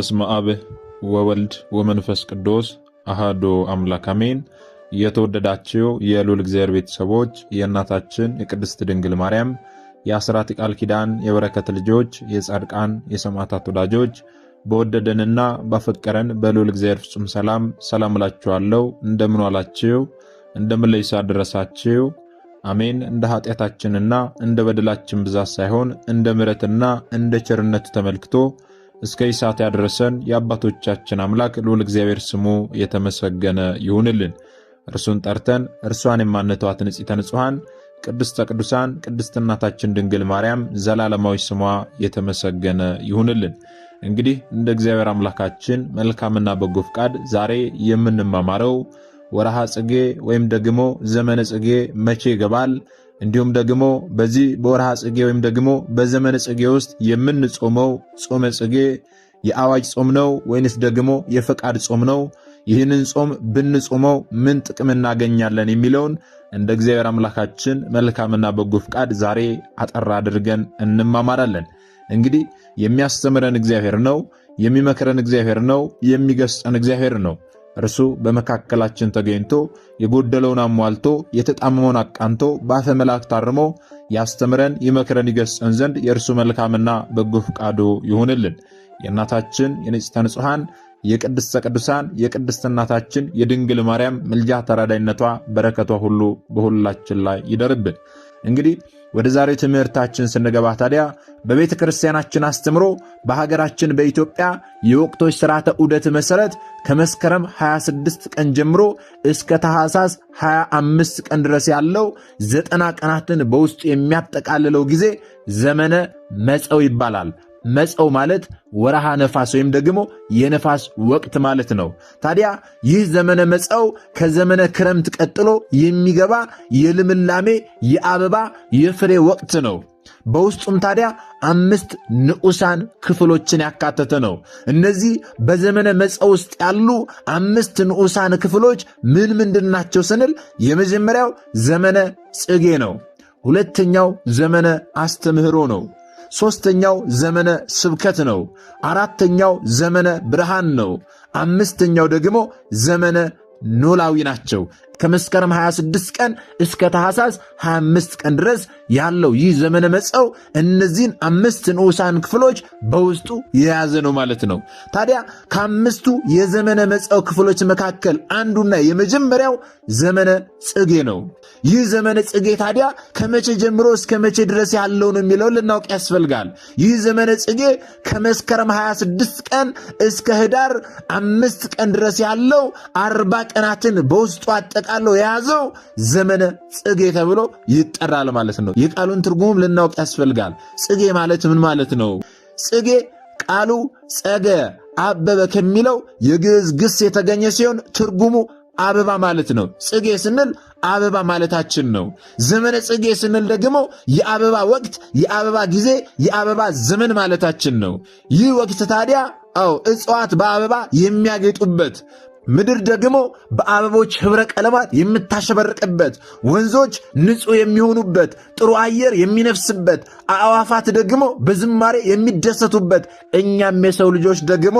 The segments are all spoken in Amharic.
በስመ አብ ወወልድ ወመንፈስ ቅዱስ አሃዶ አምላክ አሜን። የተወደዳችሁ የሉል እግዚአብሔር ቤተሰቦች የእናታችን የቅድስት ድንግል ማርያም የአስራት ቃል ኪዳን የበረከት ልጆች የጻድቃን የሰማዕታት ወዳጆች በወደደንና ባፈቀረን በሉል እግዚአብሔር ፍጹም ሰላም ሰላም እላችኋለሁ። እንደምን ዋላችሁ? እንደምን ለይሳ አደረሳችሁ? አሜን። እንደ ኃጢአታችንና እንደ በደላችን ብዛት ሳይሆን እንደ ምሕረትና እንደ ቸርነቱ ተመልክቶ እስከ ይሳት ያደረሰን የአባቶቻችን አምላክ ልዑል እግዚአብሔር ስሙ የተመሰገነ ይሁንልን። እርሱን ጠርተን እርሷን የማነተዋት ንጽሕተ ንጹሐን ቅድስተ ቅዱሳን ቅድስት እናታችን ድንግል ማርያም ዘላለማዊ ስሟ የተመሰገነ ይሁንልን። እንግዲህ እንደ እግዚአብሔር አምላካችን መልካምና በጎ ፍቃድ ዛሬ የምንማማረው ወረሃ ጽጌ ወይም ደግሞ ዘመነ ጽጌ መቼ ይገባል እንዲሁም ደግሞ በዚህ በወርሃ ጽጌ ወይም ደግሞ በዘመነ ጽጌ ውስጥ የምንጾመው ጾመ ጽጌ የአዋጅ ጾም ነው ወይንስ ደግሞ የፈቃድ ጾም ነው? ይህንን ጾም ብንጾመው ምን ጥቅም እናገኛለን? የሚለውን እንደ እግዚአብሔር አምላካችን መልካምና በጎ ፍቃድ ዛሬ አጠር አድርገን እንማማራለን። እንግዲህ የሚያስተምረን እግዚአብሔር ነው፣ የሚመክረን እግዚአብሔር ነው፣ የሚገስጠን እግዚአብሔር ነው። እርሱ በመካከላችን ተገኝቶ የጎደለውን አሟልቶ የተጣመመውን አቃንቶ በአፈ መልአክ ታርሞ ያስተምረን ይመክረን ይገስጸን ዘንድ የእርሱ መልካምና በጎ ፈቃዱ ይሁንልን። የእናታችን የንጽሕተ ንጹሐን የቅድስተ ቅዱሳን የቅድስት እናታችን የድንግል ማርያም ምልጃ ተራዳይነቷ በረከቷ ሁሉ በሁላችን ላይ ይደርብን። እንግዲህ ወደ ዛሬ ትምህርታችን ስንገባ ታዲያ በቤተ ክርስቲያናችን አስተምሮ በሀገራችን በኢትዮጵያ የወቅቶች ስርዓተ ዑደት መሠረት ከመስከረም 26 ቀን ጀምሮ እስከ ታህሳስ 25 ቀን ድረስ ያለው ዘጠና ቀናትን በውስጡ የሚያጠቃልለው ጊዜ ዘመነ መጸው ይባላል። መጸው ማለት ወረሃ ነፋስ ወይም ደግሞ የነፋስ ወቅት ማለት ነው። ታዲያ ይህ ዘመነ መጸው ከዘመነ ክረምት ቀጥሎ የሚገባ የልምላሜ የአበባ የፍሬ ወቅት ነው። በውስጡም ታዲያ አምስት ንዑሳን ክፍሎችን ያካተተ ነው። እነዚህ በዘመነ መፀ ውስጥ ያሉ አምስት ንዑሳን ክፍሎች ምን ምንድን ናቸው ስንል የመጀመሪያው ዘመነ ጽጌ ነው። ሁለተኛው ዘመነ አስተምህሮ ነው። ሦስተኛው ዘመነ ስብከት ነው። አራተኛው ዘመነ ብርሃን ነው። አምስተኛው ደግሞ ዘመነ ኖላዊ ናቸው። ከመስከረም 26 ቀን እስከ ተሐሳስ 25 ቀን ድረስ ያለው ይህ ዘመነ መጸው እነዚህን አምስት ንዑሳን ክፍሎች በውስጡ የያዘ ነው ማለት ነው። ታዲያ ከአምስቱ የዘመነ መጸው ክፍሎች መካከል አንዱና የመጀመሪያው ዘመነ ጽጌ ነው። ይህ ዘመነ ጽጌ ታዲያ ከመቼ ጀምሮ እስከ መቼ ድረስ ያለው ነው የሚለው ልናውቅ ያስፈልጋል። ይህ ዘመነ ጽጌ ከመስከረም 26 ቀን እስከ ህዳር አምስት ቀን ድረስ ያለው አርባ ቀናትን በውስጡ አጠቃ ቃለው የያዘው ዘመነ ጽጌ ተብሎ ይጠራል ማለት ነው። የቃሉን ትርጉሙም ልናውቅ ያስፈልጋል። ጽጌ ማለት ምን ማለት ነው? ጽጌ ቃሉ ጸገ አበበ ከሚለው የግዕዝ ግስ የተገኘ ሲሆን ትርጉሙ አበባ ማለት ነው። ጽጌ ስንል አበባ ማለታችን ነው። ዘመነ ጽጌ ስንል ደግሞ የአበባ ወቅት፣ የአበባ ጊዜ፣ የአበባ ዘመን ማለታችን ነው። ይህ ወቅት ታዲያ አዎ እጽዋት በአበባ የሚያጌጡበት ምድር ደግሞ በአበቦች ኅብረ ቀለማት የምታሸበርቅበት፣ ወንዞች ንጹሕ የሚሆኑበት፣ ጥሩ አየር የሚነፍስበት፣ አእዋፋት ደግሞ በዝማሬ የሚደሰቱበት፣ እኛም የሰው ልጆች ደግሞ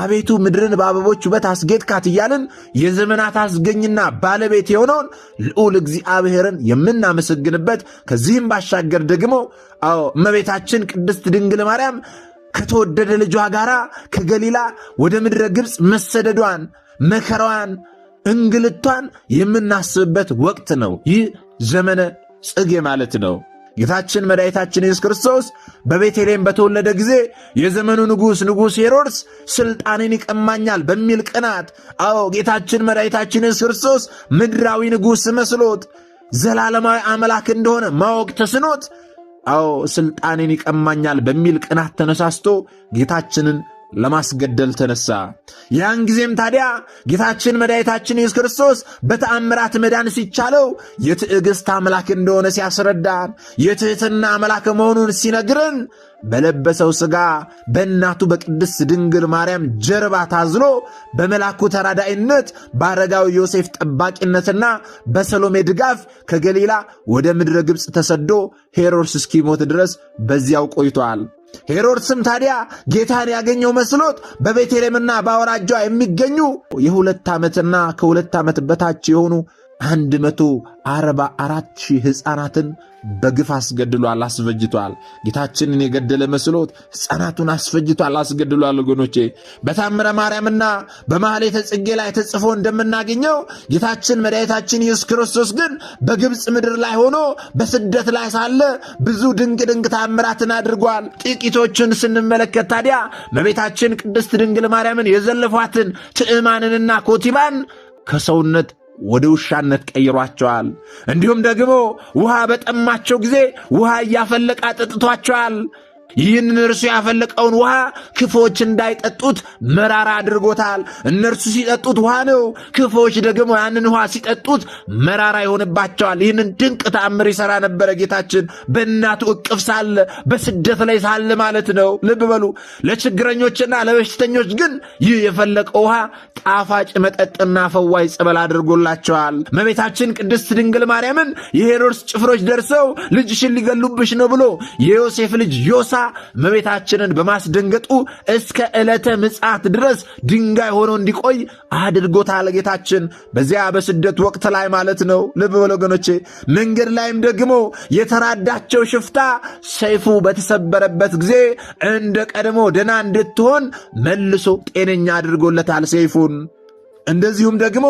አቤቱ ምድርን በአበቦች ውበት አስጌጥካት እያልን የዘመናት አስገኝና ባለቤት የሆነውን ልዑል እግዚአብሔርን የምናመሰግንበት ከዚህም ባሻገር ደግሞ እመቤታችን ቅድስት ድንግል ማርያም ከተወደደ ልጇ ጋር ከገሊላ ወደ ምድረ ግብፅ መሰደዷን መከራዋን፣ እንግልቷን የምናስብበት ወቅት ነው። ይህ ዘመነ ጽጌ ማለት ነው። ጌታችን መድኃኒታችን ኢየሱስ ክርስቶስ በቤተልሔም በተወለደ ጊዜ የዘመኑ ንጉሥ ንጉሥ ሄሮድስ ሥልጣኔን ይቀማኛል በሚል ቅናት፣ አዎ ጌታችን መድኃኒታችን ኢየሱስ ክርስቶስ ምድራዊ ንጉሥ መስሎት ዘላለማዊ አምላክ እንደሆነ ማወቅ ተስኖት፣ አዎ ሥልጣኔን ይቀማኛል በሚል ቅናት ተነሳስቶ ጌታችንን ለማስገደል ተነሳ። ያን ጊዜም ታዲያ ጌታችን መድኃኒታችን ኢየሱስ ክርስቶስ በተአምራት መዳን ሲቻለው የትዕግሥት አምላክ እንደሆነ ሲያስረዳን፣ የትሕትና አምላክ መሆኑን ሲነግርን በለበሰው ሥጋ በእናቱ በቅድስት ድንግል ማርያም ጀርባ ታዝሎ በመላኩ ተራዳይነት በአረጋዊ ዮሴፍ ጠባቂነትና በሰሎሜ ድጋፍ ከገሊላ ወደ ምድረ ግብፅ ተሰዶ ሄሮድስ እስኪሞት ድረስ በዚያው ቆይቷል። ሄሮድስም ታዲያ ጌታን ያገኘው መስሎት በቤተልሔምና በአውራጇ የሚገኙ የሁለት ዓመትና ከሁለት ዓመት በታች የሆኑ አንድ መቶ አርባ አራት ሺህ ሕፃናትን በግፍ አስገድሏል፣ አስፈጅቷል። ጌታችንን የገደለ መስሎት ሕፃናቱን አስፈጅቷል፣ አስገድሏል። ወገኖቼ በታምረ ማርያምና በማኅሌተ ጽጌ ላይ ተጽፎ እንደምናገኘው ጌታችን መድኃኒታችን ኢየሱስ ክርስቶስ ግን በግብፅ ምድር ላይ ሆኖ በስደት ላይ ሳለ ብዙ ድንቅ ድንቅ ታምራትን አድርጓል። ጥቂቶቹን ስንመለከት ታዲያ በቤታችን ቅድስት ድንግል ማርያምን የዘለፏትን ትዕማንንና ኮቲባን ከሰውነት ወደ ውሻነት ቀይሯቸዋል። እንዲሁም ደግሞ ውሃ በጠማቸው ጊዜ ውሃ እያፈለቀ አጠጥቷቸዋል። ይህንን እርሱ ያፈለቀውን ውሃ ክፎች እንዳይጠጡት መራራ አድርጎታል። እነርሱ ሲጠጡት ውሃ ነው፣ ክፎች ደግሞ ያንን ውሃ ሲጠጡት መራራ ይሆንባቸዋል። ይህንን ድንቅ ተአምር ይሠራ ነበረ ጌታችን በእናቱ እቅፍ ሳለ፣ በስደት ላይ ሳለ ማለት ነው። ልብ በሉ። ለችግረኞችና ለበሽተኞች ግን ይህ የፈለቀው ውሃ ጣፋጭ መጠጥና ፈዋይ ጸበል አድርጎላቸዋል። እመቤታችን ቅድስት ድንግል ማርያምን የሄሮድስ ጭፍሮች ደርሰው ልጅሽን ሊገሉብሽ ነው ብሎ የዮሴፍ ልጅ ዮሳ እመቤታችንን በማስደንገጡ እስከ ዕለተ ምጽአት ድረስ ድንጋይ ሆኖ እንዲቆይ አድርጎታል። ጌታችን በዚያ በስደት ወቅት ላይ ማለት ነው። ልብ በሉ ወገኖቼ። መንገድ ላይም ደግሞ የተራዳቸው ሽፍታ ሰይፉ በተሰበረበት ጊዜ እንደ ቀድሞ ደና እንድትሆን መልሶ ጤነኛ አድርጎለታል ሰይፉን እንደዚሁም ደግሞ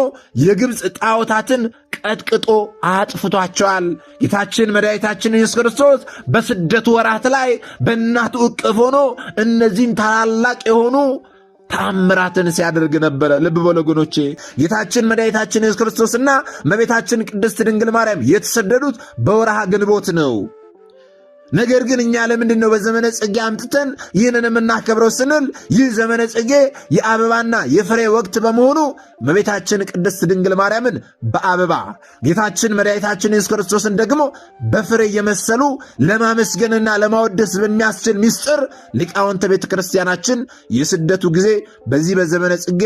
የግብፅ ጣዖታትን ቀጥቅጦ አጥፍቷቸዋል። ጌታችን መድኃኒታችን ኢየሱስ ክርስቶስ በስደቱ ወራት ላይ በእናቱ እቅፍ ሆኖ እነዚህን ታላላቅ የሆኑ ተአምራትን ሲያደርግ ነበረ። ልብ በሉ ወገኖቼ፣ ጌታችን መድኃኒታችን ኢየሱስ ክርስቶስና እመቤታችን ቅድስት ድንግል ማርያም የተሰደዱት በወርሃ ግንቦት ነው። ነገር ግን እኛ ለምንድን ነው በዘመነ ጽጌ አምጥተን ይህንን የምናከብረው ስንል ይህ ዘመነ ጽጌ የአበባና የፍሬ ወቅት በመሆኑ እመቤታችን ቅድስት ድንግል ማርያምን በአበባ ጌታችን መድኃኒታችን ኢየሱስ ክርስቶስን ደግሞ በፍሬ እየመሰሉ ለማመስገንና ለማወደስ በሚያስችል ምስጢር ሊቃውንተ ቤተ ክርስቲያናችን የስደቱ ጊዜ በዚህ በዘመነ ጽጌ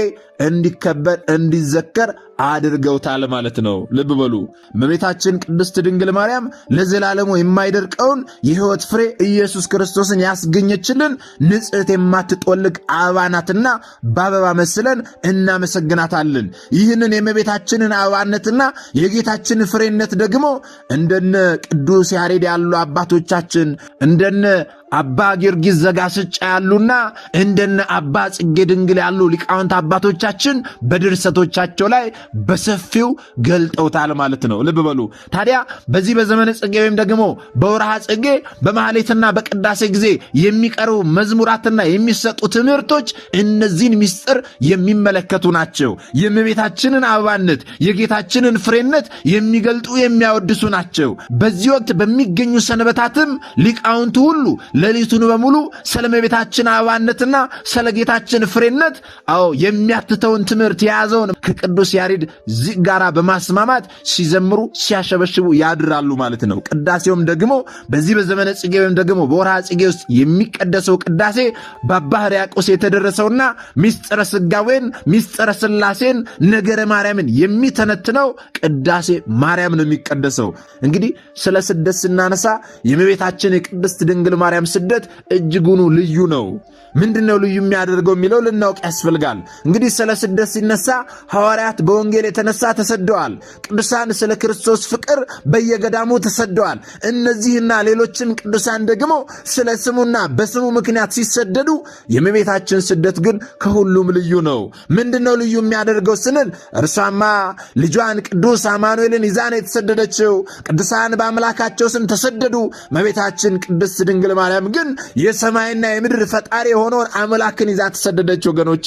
እንዲከበር እንዲዘከር አድርገውታል ማለት ነው። ልብ በሉ እመቤታችን ቅድስት ድንግል ማርያም ለዘላለሙ የማይደርቀውን የሕይወት ፍሬ ኢየሱስ ክርስቶስን ያስገኘችልን ንጽሕት የማትጦልቅ አበባ ናትና በአበባ መስለን እናመሰግናታለን። ይህንን የእመቤታችንን አበባነትና የጌታችን ፍሬነት ደግሞ እንደነ ቅዱስ ያሬድ ያሉ አባቶቻችን እንደነ አባ ጊዮርጊስ ዘጋስጫ ያሉና እንደነ አባ ጽጌ ድንግል ያሉ ሊቃውንት አባቶቻችን በድርሰቶቻቸው ላይ በሰፊው ገልጠውታል ማለት ነው። ልብ በሉ ታዲያ በዚህ በዘመነ ጽጌ ወይም ደግሞ በወርሃ ጽጌ በማህሌትና በቅዳሴ ጊዜ የሚቀርቡ መዝሙራትና የሚሰጡ ትምህርቶች እነዚህን ምስጢር የሚመለከቱ ናቸው። የእመቤታችንን አበባነት የጌታችንን ፍሬነት የሚገልጡ የሚያወድሱ ናቸው። በዚህ ወቅት በሚገኙ ሰንበታትም ሊቃውንቱ ሁሉ ሌሊቱን በሙሉ ስለ እመቤታችን አበባነትና ስለ ጌታችን ፍሬነት አዎ የሚያትተውን ትምህርት የያዘውን ከቅዱስ ያሬድ ዚቅ በማስማማት ሲዘምሩ ሲያሸበሽቡ ያድራሉ ማለት ነው። ቅዳሴውም ደግሞ በዚህ በዘመነ ጽጌ ወይም ደግሞ በወርሃ ጽጌ ውስጥ የሚቀደሰው ቅዳሴ በአባ ሕርያቆስ የተደረሰውና ሚስጥረ ስጋዌን ሚስጥረ ስላሴን ነገረ ማርያምን የሚተነትነው ቅዳሴ ማርያም ነው የሚቀደሰው። እንግዲህ ስለ ስደት ስናነሳ የእመቤታችን የቅድስት ድንግል ማርያም የዓለም ስደት እጅጉኑ ልዩ ነው። ምንድን ነው ልዩ የሚያደርገው የሚለው ልናውቅ ያስፈልጋል። እንግዲህ ስለ ስደት ሲነሳ ሐዋርያት በወንጌል የተነሳ ተሰደዋል። ቅዱሳን ስለ ክርስቶስ ፍቅር በየገዳሙ ተሰደዋል። እነዚህና ሌሎችም ቅዱሳን ደግሞ ስለ ስሙና በስሙ ምክንያት ሲሰደዱ፣ የእመቤታችን ስደት ግን ከሁሉም ልዩ ነው። ምንድን ነው ልዩ የሚያደርገው ስንል እርሷማ ልጇን ቅዱስ አማኑኤልን ይዛ ነው የተሰደደችው። ቅዱሳን በአምላካቸው ስም ተሰደዱ። እመቤታችን ቅድስት ድንግል ማለት ማርያም ግን የሰማይና የምድር ፈጣሪ የሆነውን አምላክን ይዛ ተሰደደች ወገኖቼ።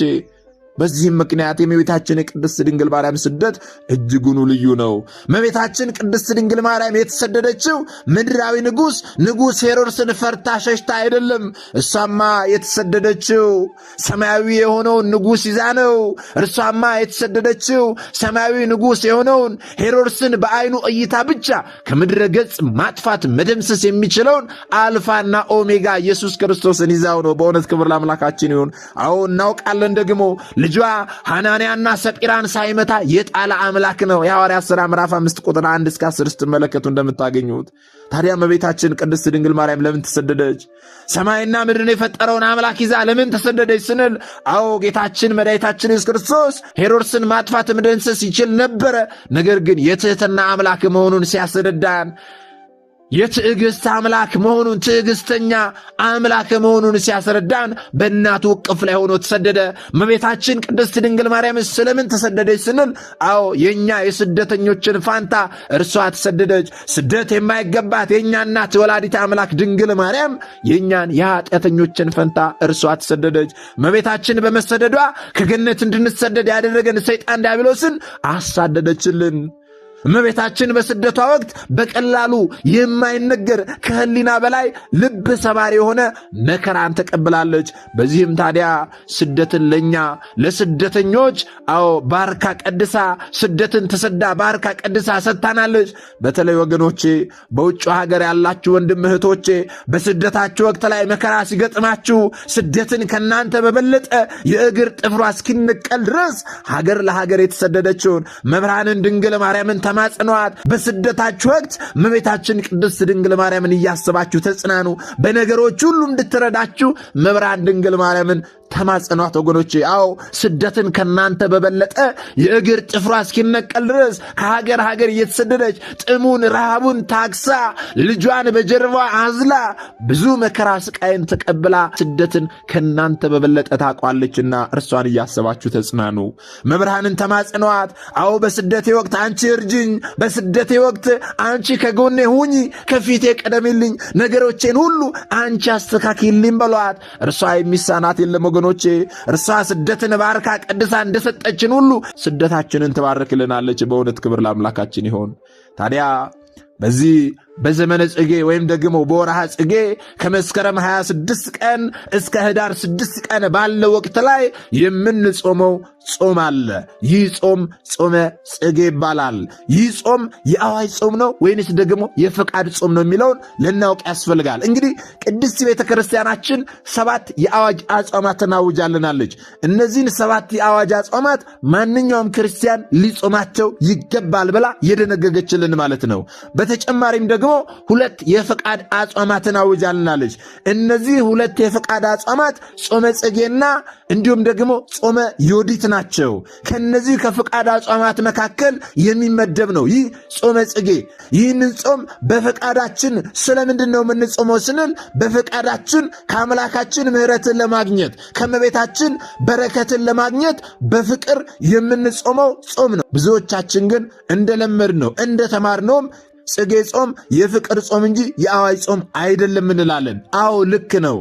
በዚህም ምክንያት የእመቤታችን የቅድስት ድንግል ማርያም ስደት እጅጉኑ ልዩ ነው። እመቤታችን ቅድስት ድንግል ማርያም የተሰደደችው ምድራዊ ንጉሥ ንጉሥ ሄሮድስን ፈርታ ሸሽታ አይደለም። እሷማ የተሰደደችው ሰማያዊ የሆነውን ንጉሥ ይዛ ነው። እርሷማ የተሰደደችው ሰማያዊ ንጉሥ የሆነውን ሄሮድስን በአይኑ እይታ ብቻ ከምድረ ገጽ ማጥፋት መደምሰስ የሚችለውን አልፋና ኦሜጋ ኢየሱስ ክርስቶስን ይዛው ነው። በእውነት ክብር ለአምላካችን ይሁን። አዎ እናውቃለን ደግሞ ልጇ ሐናንያና ሰጲራን ሳይመታ የጣለ አምላክ ነው። የሐዋርያ ሥራ ምዕራፍ አምስት ቁጥር አንድ እስከ አስር ስትመለከቱ እንደምታገኙት። ታዲያ እመቤታችን ቅድስት ድንግል ማርያም ለምን ተሰደደች? ሰማይና ምድርን የፈጠረውን አምላክ ይዛ ለምን ተሰደደች ስንል፣ አዎ ጌታችን መድኃኒታችን ኢየሱስ ክርስቶስ ሄሮድስን ማጥፋት መደምሰስ ይችል ነበረ። ነገር ግን የትህትና አምላክ መሆኑን ሲያስረዳን የትዕግሥት አምላክ መሆኑን ትዕግሥተኛ አምላክ መሆኑን ሲያስረዳን በእናቱ እቅፍ ላይ ሆኖ ተሰደደ። እመቤታችን ቅድስት ድንግል ማርያም ስለምን ተሰደደች ስንል፣ አዎ የእኛ የስደተኞችን ፋንታ እርሷ ተሰደደች። ስደት የማይገባት የእኛ እናት ወላዲት አምላክ ድንግል ማርያም የእኛን የኃጢአተኞችን ፈንታ እርሷ ተሰደደች። እመቤታችን በመሰደዷ ከገነት እንድንሰደድ ያደረገን ሰይጣን ዲያብሎስን አሳደደችልን። እመቤታችን በስደቷ ወቅት በቀላሉ የማይነገር ከህሊና በላይ ልብ ሰባሪ የሆነ መከራን ተቀብላለች። በዚህም ታዲያ ስደትን ለእኛ ለስደተኞች፣ አዎ ባርካ ቀድሳ ስደትን ተሰዳ ባርካ ቀድሳ ሰጥታናለች። በተለይ ወገኖቼ፣ በውጭ ሀገር ያላችሁ ወንድም እህቶቼ በስደታችሁ ወቅት ላይ መከራ ሲገጥማችሁ ስደትን ከእናንተ በበለጠ የእግር ጥፍሯ እስኪነቀል ድረስ ሀገር ለሀገር የተሰደደችውን መብርሃንን ድንግል ማርያምን ተማጽነዋት። በስደታችሁ ወቅት እመቤታችን ቅድስት ድንግል ማርያምን እያሰባችሁ ተጽናኑ። በነገሮች ሁሉ እንድትረዳችሁ መብራት ድንግል ማርያምን ተማጸኗት ወገኖቼ። አዎ ስደትን ከናንተ በበለጠ የእግር ጥፍሯ እስኪነቀል ድረስ ከሀገር ሀገር እየተሰደደች ጥሙን ረሃቡን ታግሳ ልጇን በጀርባ አዝላ ብዙ መከራ ስቃይን ተቀብላ ስደትን ከናንተ በበለጠ ታቋለችና እርሷን እያሰባችሁ ተጽናኑ። መብርሃንን ተማጽኗት። አዎ በስደቴ ወቅት አንቺ እርጅኝ፣ በስደቴ ወቅት አንቺ ከጎኔ ሁኚ፣ ከፊቴ ቀደምልኝ፣ ነገሮቼን ሁሉ አንቺ አስተካክልኝ በሏት። እርሷ የሚሳናት የለም ወገኖቼ እርሷ ስደትን ባርካ ቀድሳ እንደሰጠችን ሁሉ ስደታችንን ትባርክልናለች። በእውነት ክብር ለአምላካችን ይሆን። ታዲያ በዚህ በዘመነ ጽጌ ወይም ደግሞ በወርሃ ጽጌ ከመስከረም 26 ቀን እስከ ህዳር 6 ቀን ባለው ወቅት ላይ የምንጾመው ጾም አለ። ይህ ጾም ጾመ ጽጌ ይባላል። ይህ ጾም የአዋጅ ጾም ነው ወይንስ ደግሞ የፈቃድ ጾም ነው የሚለውን ልናውቅ ያስፈልጋል። እንግዲህ ቅድስት ቤተ ክርስቲያናችን ሰባት የአዋጅ አጾማት ተናውጃልናለች። እነዚህን ሰባት የአዋጅ አጽዋማት ማንኛውም ክርስቲያን ሊጾማቸው ይገባል ብላ የደነገገችልን ማለት ነው። በተጨማሪም ደግሞ ሁለት የፈቃድ አጽዋማትን ተናውጃልናለች። እነዚህ ሁለት የፈቃድ አጾማት ጾመ ጽጌና እንዲሁም ደግሞ ጾመ ዮዲት ናቸው። ከነዚህ ከፍቃድ አጽዋማት መካከል የሚመደብ ነው ይህ ጾመ ጽጌ። ይህንን ጾም በፈቃዳችን ስለምንድን ነው የምንጾመው ስንል በፈቃዳችን ከአምላካችን ምሕረትን ለማግኘት ከመቤታችን በረከትን ለማግኘት በፍቅር የምንጾመው ጾም ነው። ብዙዎቻችን ግን እንደለመድ ነው እንደተማር ነውም ጽጌ ጾም የፍቅር ጾም እንጂ የአዋጅ ጾም አይደለም እንላለን። አዎ ልክ ነው።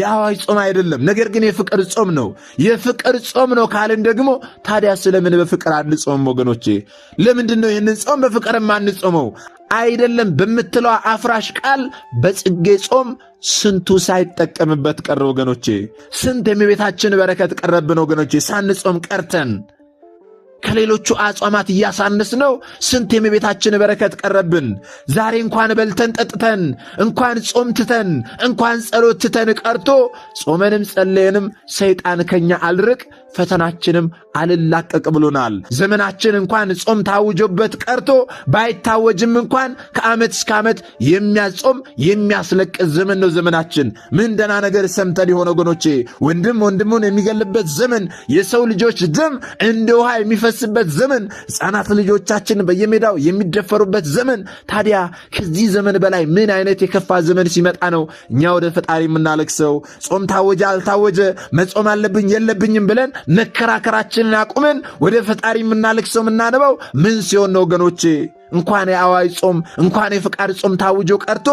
የአዋጅ ጾም አይደለም፣ ነገር ግን የፍቅር ጾም ነው። የፍቅር ጾም ነው ካልን ደግሞ ታዲያ ስለምን በፍቅር አንጾምም ወገኖቼ ለምንድን ነው ይህንን ጾም በፍቅር የማንጾመው? አይደለም በምትለው አፍራሽ ቃል በጽጌ ጾም ስንቱ ሳይጠቀምበት ቀረ ወገኖቼ። ስንት የሚቤታችን በረከት ቀረብን ወገኖቼ፣ ሳንጾም ቀርተን ከሌሎቹ አጽዋማት እያሳነስ ነው። ስንት የእመቤታችን በረከት ቀረብን። ዛሬ እንኳን በልተን ጠጥተን፣ እንኳን ጾም ትተን፣ እንኳን ጸሎት ትተን ቀርቶ ጾመንም ጸለየንም ሰይጣን ከኛ አልርቅ ፈተናችንም አልላቀቅ ብሎናል። ዘመናችን እንኳን ጾም ታውጆበት ቀርቶ ባይታወጅም እንኳን ከዓመት እስከ ዓመት የሚያጾም የሚያስለቅስ ዘመን ነው ዘመናችን። ምን ደና ነገር ሰምተን የሆነ ወገኖቼ፣ ወንድም ወንድሙን የሚገልበት ዘመን፣ የሰው ልጆች ደም እንደ ውሃ የሚፈስበት ዘመን፣ ሕፃናት ልጆቻችን በየሜዳው የሚደፈሩበት ዘመን። ታዲያ ከዚህ ዘመን በላይ ምን አይነት የከፋ ዘመን ሲመጣ ነው እኛ ወደ ፈጣሪ የምናለቅሰው? ጾም ታወጀ አልታወጀ መጾም አለብኝ የለብኝም ብለን መከራከራችንን አቁመን ወደ ፈጣሪ ሰው የምናነበው ምን ሲሆን ነው ወገኖቼ? እንኳን የአዋጅ ጾም እንኳን የፈቃድ ጾም ታውጆ ቀርቶ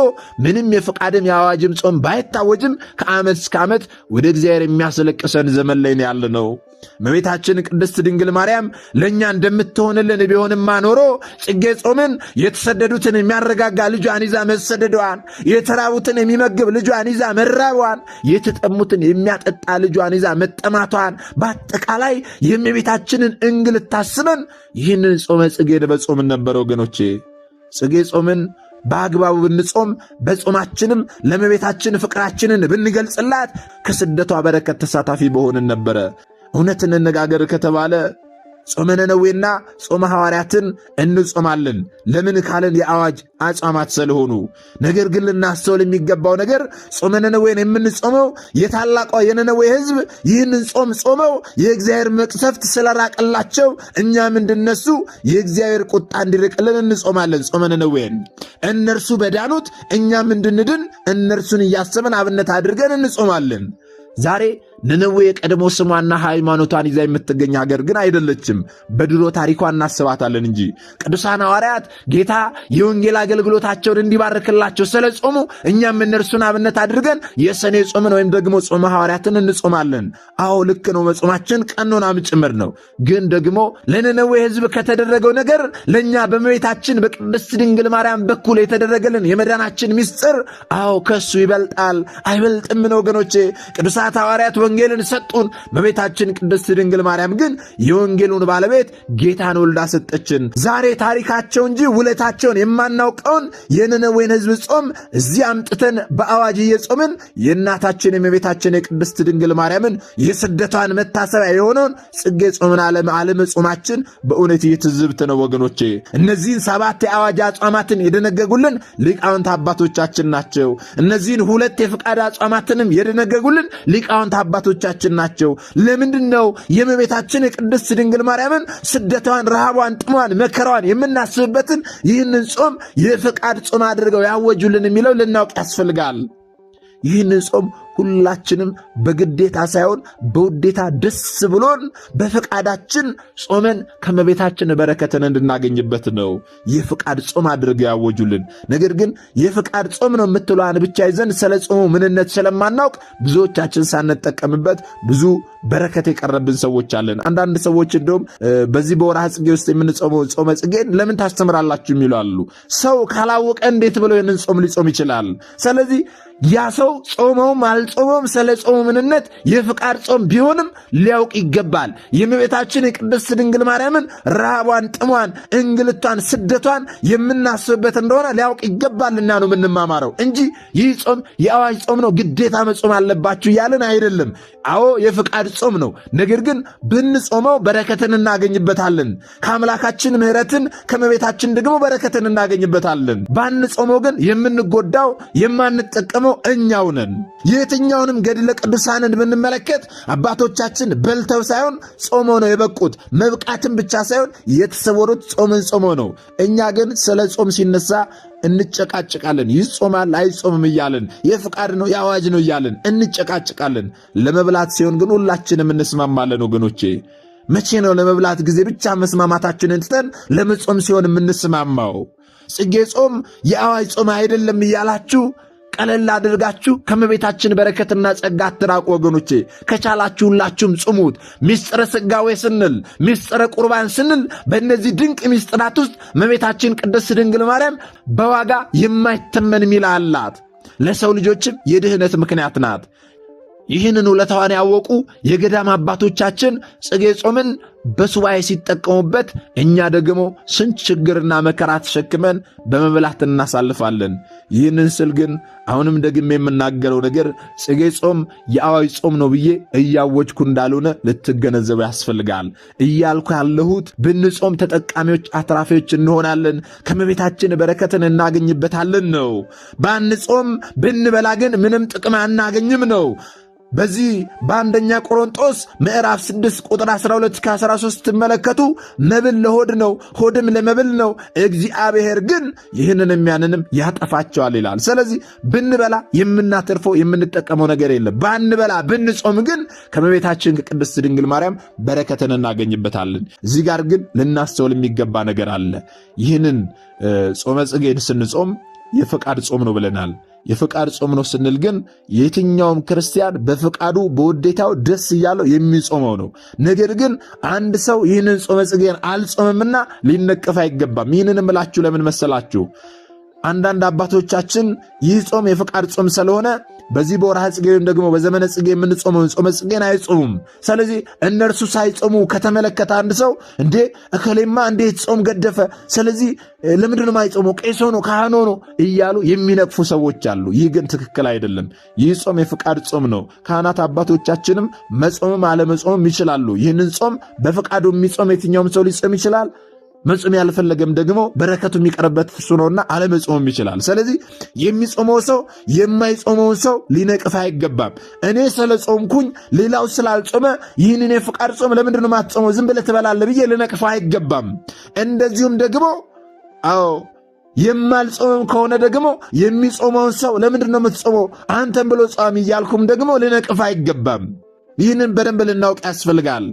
ምንም የፍቃድም የአዋጅም ጾም ባይታወጅም ከዓመት እስከ ዓመት ወደ እግዚአብሔር የሚያስለቅሰን ዘመን ላይ ያለ ነው። እመቤታችን ቅድስት ድንግል ማርያም ለእኛ እንደምትሆንልን ቢሆንማ ኖሮ ጽጌ ጾምን የተሰደዱትን የሚያረጋጋ ልጇን ይዛ መሰደዷን፣ የተራቡትን የሚመግብ ልጇን ይዛ መራቧን፣ የተጠሙትን የሚያጠጣ ልጇን ይዛ መጠማቷን፣ በአጠቃላይ የእመቤታችንን እንግልት ታስበን ይህንን ጾመ ጽጌ በጾምን ነበረ ወገኖች። ወገኖቼ ጽጌ ጾምን በአግባቡ ብንጾም በጾማችንም ለመቤታችን ፍቅራችንን ብንገልጽላት ከስደቷ በረከት ተሳታፊ በሆንን ነበረ። እውነት እንነጋገር ከተባለ ጾመ ነነዌና ጾመ ሐዋርያትን እንጾማለን። ለምን ካለን የአዋጅ አጽዋማት ስለሆኑ። ነገር ግን ልናስተውል የሚገባው ነገር ጾመ ነነዌን የምንጾመው የታላቋ የነነዌ ሕዝብ ይህንን ጾም ጾመው የእግዚአብሔር መቅሰፍት ስለራቀላቸው እኛም እንደነሱ የእግዚአብሔር ቁጣ እንዲርቅልን እንጾማለን ጾመ ነነዌን። እነርሱ በዳኑት እኛም እንድንድን እነርሱን እያሰብን አብነት አድርገን እንጾማለን ዛሬ ነነዌ የቀድሞ ስሟና ሃይማኖቷን ይዛ የምትገኝ ሀገር ግን አይደለችም። በድሮ ታሪኳ እናስባታለን እንጂ ቅዱሳን ሐዋርያት ጌታ የወንጌል አገልግሎታቸውን እንዲባርክላቸው ስለ ጾሙ እኛም እነርሱን አብነት አድርገን የሰኔ ጾምን ወይም ደግሞ ጾመ ሐዋርያትን እንጾማለን። አዎ ልክ ነው፣ መጾማችን ቀኖናም ጭምር ነው። ግን ደግሞ ለነነዌ ሕዝብ ከተደረገው ነገር ለእኛ በመቤታችን በቅድስት ድንግል ማርያም በኩል የተደረገልን የመዳናችን ምስጢር አዎ ከሱ ይበልጣል አይበልጥምን? ወገኖቼ ቅዱሳት ሐዋርያት ወንጌልን ሰጡን። እመቤታችን ቅድስት ድንግል ማርያም ግን የወንጌሉን ባለቤት ጌታን ወልዳ ሰጠችን። ዛሬ ታሪካቸው እንጂ ውለታቸውን የማናውቀውን የነነዌን ሕዝብ ጾም እዚህ አምጥተን በአዋጅ እየጾምን የእናታችን የእመቤታችን የቅድስት ድንግል ማርያምን የስደቷን መታሰቢያ የሆነውን ጽጌ ጾምን አለመ ጾማችን በእውነት እየትዝብት ነው ወገኖቼ። እነዚህን ሰባት የአዋጅ አጽዋማትን የደነገጉልን ሊቃውንት አባቶቻችን ናቸው። እነዚህን ሁለት የፍቃድ አጽዋማትንም የደነገጉልን ሊቃውንት አባቶቻችን ናቸው። ለምንድን ነው የእመቤታችን የቅድስት ድንግል ማርያምን ስደቷን፣ ረሃቧን፣ ጥሟን፣ መከራዋን የምናስብበትን ይህንን ጾም የፈቃድ ጾም አድርገው ያወጁልን የሚለው ልናውቅ ያስፈልጋል። ይህንን ጾም ሁላችንም በግዴታ ሳይሆን በውዴታ ደስ ብሎን በፈቃዳችን ጾመን ከመቤታችን በረከትን እንድናገኝበት ነው የፍቃድ ጾም አድርገው ያወጁልን። ነገር ግን የፍቃድ ጾም ነው የምትለዋን ብቻ ይዘን ስለ ጾሙ ምንነት ስለማናውቅ ብዙዎቻችን ሳንጠቀምበት ብዙ በረከት የቀረብን ሰዎች አለን። አንዳንድ ሰዎች እንደውም በዚህ በወርሃ ጽጌ ውስጥ የምንጾመው ጾመ ጽጌን ለምን ታስተምራላችሁ የሚሉ ሰው ካላወቀ እንዴት ብሎ ይህንን ጾም ሊጾም ይችላል? ስለዚህ ያ ሰው ጾመውም ያልጾመውም ስለ ጾሙ ምንነት የፍቃድ ጾም ቢሆንም ሊያውቅ ይገባል። የእመቤታችን የቅድስት ድንግል ማርያምን ረሃቧን፣ ጥሟን፣ እንግልቷን፣ ስደቷን የምናስብበት እንደሆነ ሊያውቅ ይገባልና ነው የምንማማረው እንጂ ይህ ጾም የአዋጅ ጾም ነው ግዴታ መጾም አለባችሁ እያልን አይደለም። አዎ የፍቃድ ጾም ነው። ነገር ግን ብንጾመው በረከትን እናገኝበታለን። ከአምላካችን ምሕረትን ከእመቤታችን ደግሞ በረከትን እናገኝበታለን። ባንጾመው ግን የምንጎዳው የማንጠቀመው እኛው ነን። የትኛውንም ገድለ ቅዱሳንን ብንመለከት አባቶቻችን በልተው ሳይሆን ጾሞ ነው የበቁት። መብቃትን ብቻ ሳይሆን የተሰወሩት ጾምን ጾሞ ነው። እኛ ግን ስለ ጾም ሲነሳ እንጨቃጭቃለን። ይጾማል አይጾምም እያለን የፍቃድ ነው የአዋጅ ነው እያለን እንጨቃጭቃለን። ለመብላት ሲሆን ግን ሁላችንም እንስማማለን። ወገኖቼ መቼ ነው ለመብላት ጊዜ ብቻ መስማማታችንን ትተን ለመጾም ሲሆን የምንስማማው? ጽጌ ጾም የአዋጅ ጾም አይደለም እያላችሁ ቀለል አድርጋችሁ ከመቤታችን በረከትና ጸጋ አትራቁ ወገኖቼ። ከቻላችሁ ሁላችሁም ጽሙት። ሚስጥረ ስጋዌ ስንል ሚስጥረ ቁርባን ስንል በእነዚህ ድንቅ ሚስጥራት ውስጥ መቤታችን ቅድስት ድንግል ማርያም በዋጋ የማይተመን ሚላ አላት። ለሰው ልጆችም የድህነት ምክንያት ናት። ይህንን ውለታዋን ያወቁ የገዳም አባቶቻችን ጽጌ ጾምን በሱባኤ ሲጠቀሙበት፣ እኛ ደግሞ ስንት ችግርና መከራ ተሸክመን በመብላት እናሳልፋለን። ይህንን ስል ግን አሁንም ደግሜ የምናገረው ነገር ጽጌ ጾም የአዋጅ ጾም ነው ብዬ እያወጅኩ እንዳልሆነ ልትገነዘቡ ያስፈልጋል። እያልኩ ያለሁት ብንጾም ተጠቃሚዎች አትራፊዎች እንሆናለን፣ ከመቤታችን በረከትን እናገኝበታለን ነው። ባንጾም ብንበላ ግን ምንም ጥቅም አናገኝም ነው። በዚህ በአንደኛ ቆሮንጦስ ምዕራፍ 6 ቁጥር 12 13 ስትመለከቱ መብል ለሆድ ነው፣ ሆድም ለመብል ነው፣ እግዚአብሔር ግን ይህንንም ያንንም ያጠፋቸዋል ይላል። ስለዚህ ብንበላ የምናተርፈው የምንጠቀመው ነገር የለም። ባንበላ ብንጾም ግን ከመቤታችን ከቅድስት ድንግል ማርያም በረከትን እናገኝበታለን። እዚህ ጋር ግን ልናስተውል የሚገባ ነገር አለ። ይህንን ጾመ ጽጌን ስንጾም የፈቃድ ጾም ነው ብለናል። የፍቃድ ጾም ነው ስንል ግን የትኛውም ክርስቲያን በፍቃዱ በውዴታው ደስ እያለው የሚጾመው ነው። ነገር ግን አንድ ሰው ይህንን ጾመ ጽጌን አልጾምምና ሊነቀፍ አይገባም። ይህንን እምላችሁ ለምን መሰላችሁ? አንዳንድ አባቶቻችን ይህ ጾም የፍቃድ ጾም ስለሆነ በዚህ በወርሃ ጽጌ ወይም ደግሞ በዘመነ ጽጌ የምንጾመውን ጾመ ጽጌን አይጾሙም። ስለዚህ እነርሱ ሳይጾሙ ከተመለከተ አንድ ሰው እንዴ እከሌማ እንዴት ጾም ገደፈ፣ ስለዚህ ለምንድን ነው ቄሶ ቄስ ሆኖ ካህን ሆኖ እያሉ የሚነቅፉ ሰዎች አሉ። ይህ ግን ትክክል አይደለም። ይህ ጾም የፍቃድ ጾም ነው። ካህናት አባቶቻችንም መጾምም አለመጾምም ይችላሉ። ይህንን ጾም በፍቃዱ የሚጾም የትኛውም ሰው ሊጾም ይችላል። መጾም ያልፈለገም ደግሞ በረከቱ የሚቀርበት እሱ ነውና አለመጾም ይችላል። ስለዚህ የሚጾመው ሰው የማይጾመውን ሰው ሊነቅፍ አይገባም። እኔ ስለ ጾምኩኝ ሌላው ስላልጾመ ይህንን የፍቃድ ጾም ለምንድነው ነው የማትጾመው? ዝም ብለህ ትበላለህ ብዬ ልነቅፍ አይገባም። እንደዚሁም ደግሞ አዎ የማልጾምም ከሆነ ደግሞ የሚጾመውን ሰው ለምንድን ነው የምትጾመው አንተን ብሎ ጻሚ እያልኩም ደግሞ ልነቅፍ አይገባም። ይህንን በደንብ ልናውቅ ያስፈልጋል።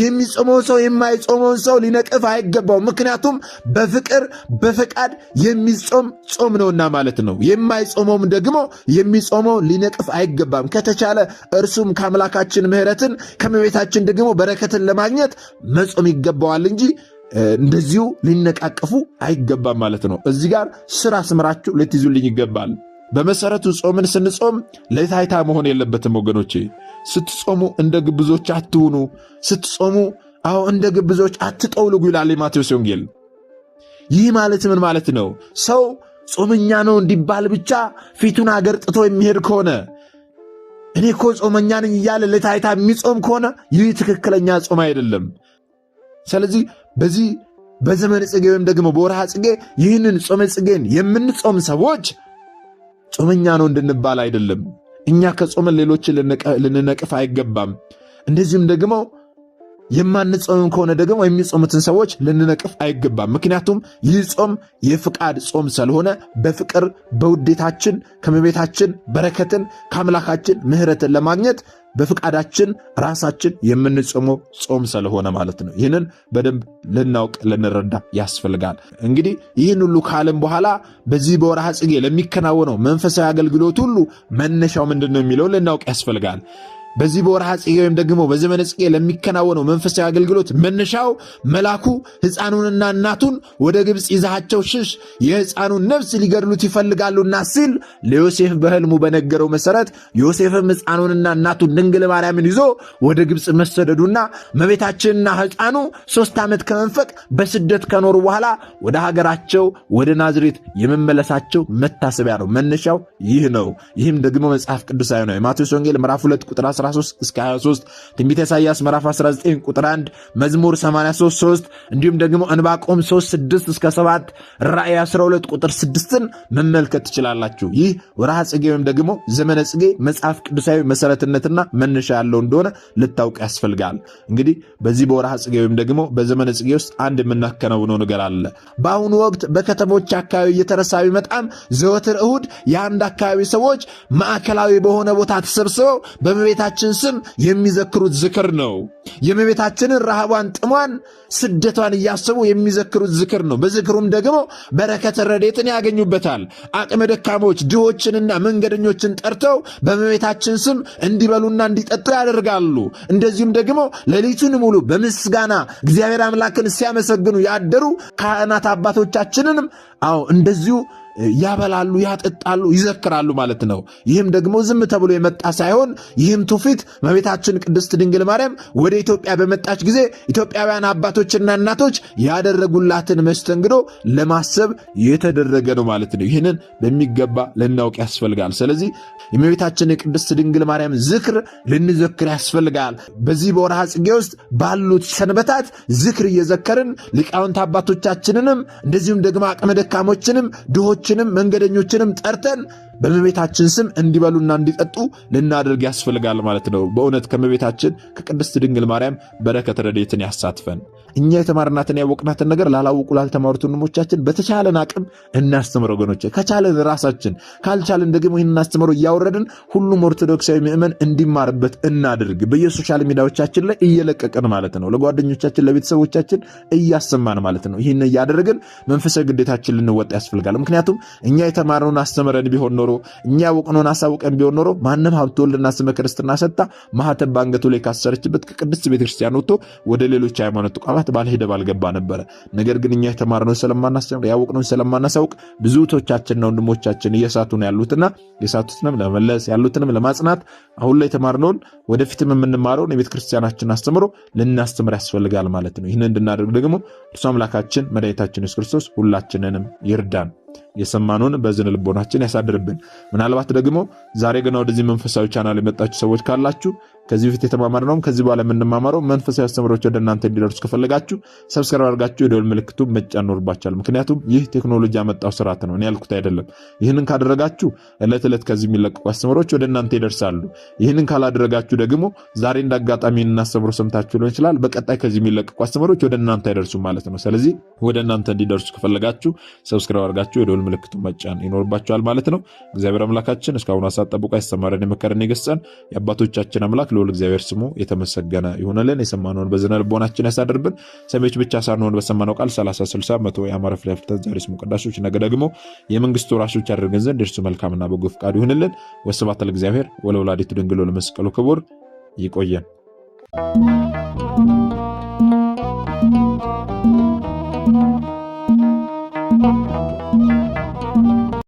የሚጾመውን ሰው የማይጾመውን ሰው ሊነቅፍ አይገባው ምክንያቱም በፍቅር በፈቃድ የሚጾም ጾም ነውና ማለት ነው። የማይጾመውም ደግሞ የሚጾመው ሊነቅፍ አይገባም። ከተቻለ እርሱም ከአምላካችን ምሕረትን ከመቤታችን ደግሞ በረከትን ለማግኘት መጾም ይገባዋል እንጂ እንደዚሁ ሊነቃቀፉ አይገባም ማለት ነው። እዚህ ጋር ስራ አስምራችሁ ልትይዙልኝ ይገባል። በመሰረቱ ጾምን ስንጾም ለታይታ መሆን የለበትም ወገኖቼ። ስትጾሙ እንደ ግብዞች አትሁኑ፣ ስትጾሙ አዎ እንደ ግብዞች አትጠውልጉ ይላል የማቴዎስ ወንጌል። ይህ ማለት ምን ማለት ነው? ሰው ጾመኛ ነው እንዲባል ብቻ ፊቱን አገርጥቶ የሚሄድ ከሆነ እኔ እኮ ጾመኛ ነኝ እያለ ለታይታ የሚጾም ከሆነ ይህ ትክክለኛ ጾም አይደለም። ስለዚህ በዚህ በዘመነ ጽጌ ወይም ደግሞ በወርሃ ጽጌ ይህንን ጾመ ጽጌን የምንጾም ሰዎች ጾመኛ ነው እንድንባል አይደለም። እኛ ከጾምን ሌሎችን ልንነቅፍ አይገባም። እንደዚሁም ደግሞ የማንጾምም ከሆነ ደግሞ የሚጾሙትን ሰዎች ልንነቅፍ አይገባም። ምክንያቱም ይህ ጾም የፍቃድ ጾም ስለሆነ በፍቅር በውዴታችን ከመቤታችን በረከትን ከአምላካችን ምሕረትን ለማግኘት በፍቃዳችን ራሳችን የምንጾመው ጾም ስለሆነ ማለት ነው። ይህንን በደንብ ልናውቅ ልንረዳ ያስፈልጋል። እንግዲህ ይህን ሁሉ ካለም በኋላ በዚህ በወርሃ ጽጌ ለሚከናወነው መንፈሳዊ አገልግሎት ሁሉ መነሻው ምንድን ነው የሚለው ልናውቅ ያስፈልጋል። በዚህ በወርሃ ጽጌ ወይም ደግሞ በዘመነ ጽጌ ለሚከናወነው መንፈሳዊ አገልግሎት መነሻው መልአኩ ሕፃኑንና እናቱን ወደ ግብፅ ይዛሃቸው ሽሽ፣ የሕፃኑን ነፍስ ሊገድሉት ይፈልጋሉና ሲል ለዮሴፍ በሕልሙ በነገረው መሰረት ዮሴፍም ሕፃኑንና እናቱን ድንግል ማርያምን ይዞ ወደ ግብፅ መሰደዱና መቤታችንና ሕፃኑ ሦስት ዓመት ከመንፈቅ በስደት ከኖሩ በኋላ ወደ ሀገራቸው ወደ ናዝሬት የመመለሳቸው መታሰቢያ ነው። መነሻው ይህ ነው። ይህም ደግሞ መጽሐፍ ቅዱሳዊ ነው። የማቴዎስ ወንጌል ምዕራፍ 2 ቁጥር 13 እስከ 23 ትንቢተ ኢሳይያስ ምዕራፍ 19 ቁጥር 1 መዝሙር 83 3 እንዲሁም ደግሞ እንባቆም 3 6 እስከ 7 ራእይ 12 ቁጥር 6ን መመልከት ትችላላችሁ። ይህ ወርሃ ጽጌ ወይም ደግሞ ዘመነ ጽጌ መጽሐፍ ቅዱሳዊ መሰረትነትና መነሻ ያለው እንደሆነ ልታውቅ ያስፈልጋል። እንግዲህ በዚህ በወርሃ ጽጌ ወይም ደግሞ በዘመነ ጽጌ ውስጥ አንድ የምናከናውነው ነገር አለ። በአሁኑ ወቅት በከተሞች አካባቢ እየተረሳ ቢመጣም ዘወትር እሁድ የአንድ አካባቢ ሰዎች ማዕከላዊ በሆነ ቦታ ተሰብስበው በመቤታ በእመቤታችን ስም የሚዘክሩት ዝክር ነው። የእመቤታችንን ረሃቧን፣ ጥሟን፣ ስደቷን እያሰቡ የሚዘክሩት ዝክር ነው። በዝክሩም ደግሞ በረከት ረዴትን ያገኙበታል። አቅመ ደካሞች ድሆችንና መንገደኞችን ጠርተው በእመቤታችን ስም እንዲበሉና እንዲጠጡ ያደርጋሉ። እንደዚሁም ደግሞ ሌሊቱን ሙሉ በምስጋና እግዚአብሔር አምላክን ሲያመሰግኑ ያደሩ ካህናት አባቶቻችንንም አዎ እንደዚሁ ያበላሉ፣ ያጠጣሉ፣ ይዘክራሉ ማለት ነው። ይህም ደግሞ ዝም ተብሎ የመጣ ሳይሆን ይህም ትውፊት እመቤታችን ቅድስት ድንግል ማርያም ወደ ኢትዮጵያ በመጣች ጊዜ ኢትዮጵያውያን አባቶችና እናቶች ያደረጉላትን መስተንግዶ ለማሰብ የተደረገ ነው ማለት ነው። ይህንን በሚገባ ልናውቅ ያስፈልጋል። ስለዚህ የእመቤታችን የቅድስት ድንግል ማርያም ዝክር ልንዘክር ያስፈልጋል። በዚህ በወርሃ ጽጌ ውስጥ ባሉት ሰንበታት ዝክር እየዘከርን ሊቃውንት አባቶቻችንንም እንደዚሁም ደግሞ አቅመ ደካሞችንም ድሆች ድሆችንም መንገደኞችንም ጠርተን በእመቤታችን ስም እንዲበሉና እንዲጠጡ ልናደርግ ያስፈልጋል ማለት ነው። በእውነት ከእመቤታችን ከቅድስት ድንግል ማርያም በረከት ረድኤትን ያሳትፈን። እኛ የተማርናትን ያወቅናትን ነገር ላላውቁ ላልተማሩት ወንድሞቻችን በተቻለን አቅም እናስተምር ወገኖች፣ ከቻለን ራሳችን ካልቻለን ደግሞ ይህን እናስተምረው እያወረድን ሁሉም ኦርቶዶክሳዊ ምእመን እንዲማርበት እናድርግ። በየሶሻል ሚዲያዎቻችን ላይ እየለቀቅን ማለት ነው፣ ለጓደኞቻችን ለቤተሰቦቻችን እያሰማን ማለት ነው። ይህን እያደረግን መንፈሳዊ ግዴታችን ልንወጣ ያስፈልጋል። ምክንያቱም እኛ የተማርነውን አስተምረን ቢሆን ኖሮ እኛ ያወቅነውን አሳውቀን ቢሆን ኖሮ ማንም ሀብተወልድና ስመ ክርስትና ሰጥታ ማህተብ በአንገቱ ላይ ካሰረችበት ከቅድስት ቤተክርስቲያን ወጥቶ ወደ ሌሎች ሃይማኖት ተቋማት ምናልባት ባልሄደ ባልገባ ነበረ። ነገር ግን እኛ የተማርነው ስለማናስተምር ያወቅነውን ስለማናሳውቅ ብዙ እህቶቻችንና ወንድሞቻችን እየሳቱ ነው ያሉትና የሳቱትንም ለመመለስ ያሉትንም ለማጽናት አሁን ላይ የተማርነውን ወደፊትም የምንማረውን የቤተ ክርስቲያናችን አስተምሮ ልናስተምር ያስፈልጋል ማለት ነው። ይህን እንድናደርግ ደግሞ እርሱ አምላካችን መድኃኒታችን ኢየሱስ ክርስቶስ ሁላችንንም ይርዳን። የሰማኑን በዝን ልቦናችን ያሳድርብን። ምናልባት ደግሞ ዛሬ ገና ወደዚህ መንፈሳዊ ቻናል የመጣችሁ ሰዎች ካላችሁ ከዚህ በፊት የተማማርነውም ከዚህ በኋላ የምንማማረው መንፈሳዊ አስተምሮች ወደ እናንተ እንዲደርሱ ከፈለጋችሁ ሰብስክራይብ አድርጋችሁ የደወል ምልክቱ መጫን ይኖርባችኋል። ምክንያቱም ይህ ቴክኖሎጂ ያመጣው ስርዓት ነው፣ እኔ ያልኩት አይደለም። ይህንን ካደረጋችሁ እለት ዕለት ከዚህ የሚለቀቁ አስተምሮች ወደ እናንተ ይደርሳሉ። ይህንን ካላደረጋችሁ ደግሞ ዛሬ እንደ አጋጣሚ እናስተምሮ ሰምታችሁ ሊሆን ይችላል። በቀጣይ ከዚህ የሚለቀቁ አስተምሮች ወደ እናንተ አይደርሱም ማለት ነው። ስለዚህ ወደ እናንተ እንዲደርሱ ከፈለጋችሁ ሰብስክራይብ አድርጋችሁ የደወል ምልክቱ መጫን ይኖርባችኋል ማለት ነው። እግዚአብሔር አምላካችን እስካሁን አሳት ጠብቆ ያስተማረን የመከረን የገሰጸን የአባቶቻችን አምላክ ልዑል እግዚአብሔር ስሙ የተመሰገነ ይሁንልን። የሰማነውን በዝነ ልቦናችን ያሳድርብን። ሰሚዎች ብቻ ሳንሆን በሰማነው ቃል 36 መቶ የአማራ ፍሬ አፍርተን ዛሬ ስሙ ቀዳሾች፣ ነገ ደግሞ የመንግስቱ ራሾች ያደርገን ዘንድ እርሱ መልካምና በጎ ፍቃድ ይሁንልን። ወስብሐት ለእግዚአብሔር ወለወላዲቱ ድንግል ወለመስቀሉ ክቡር። ይቆየን።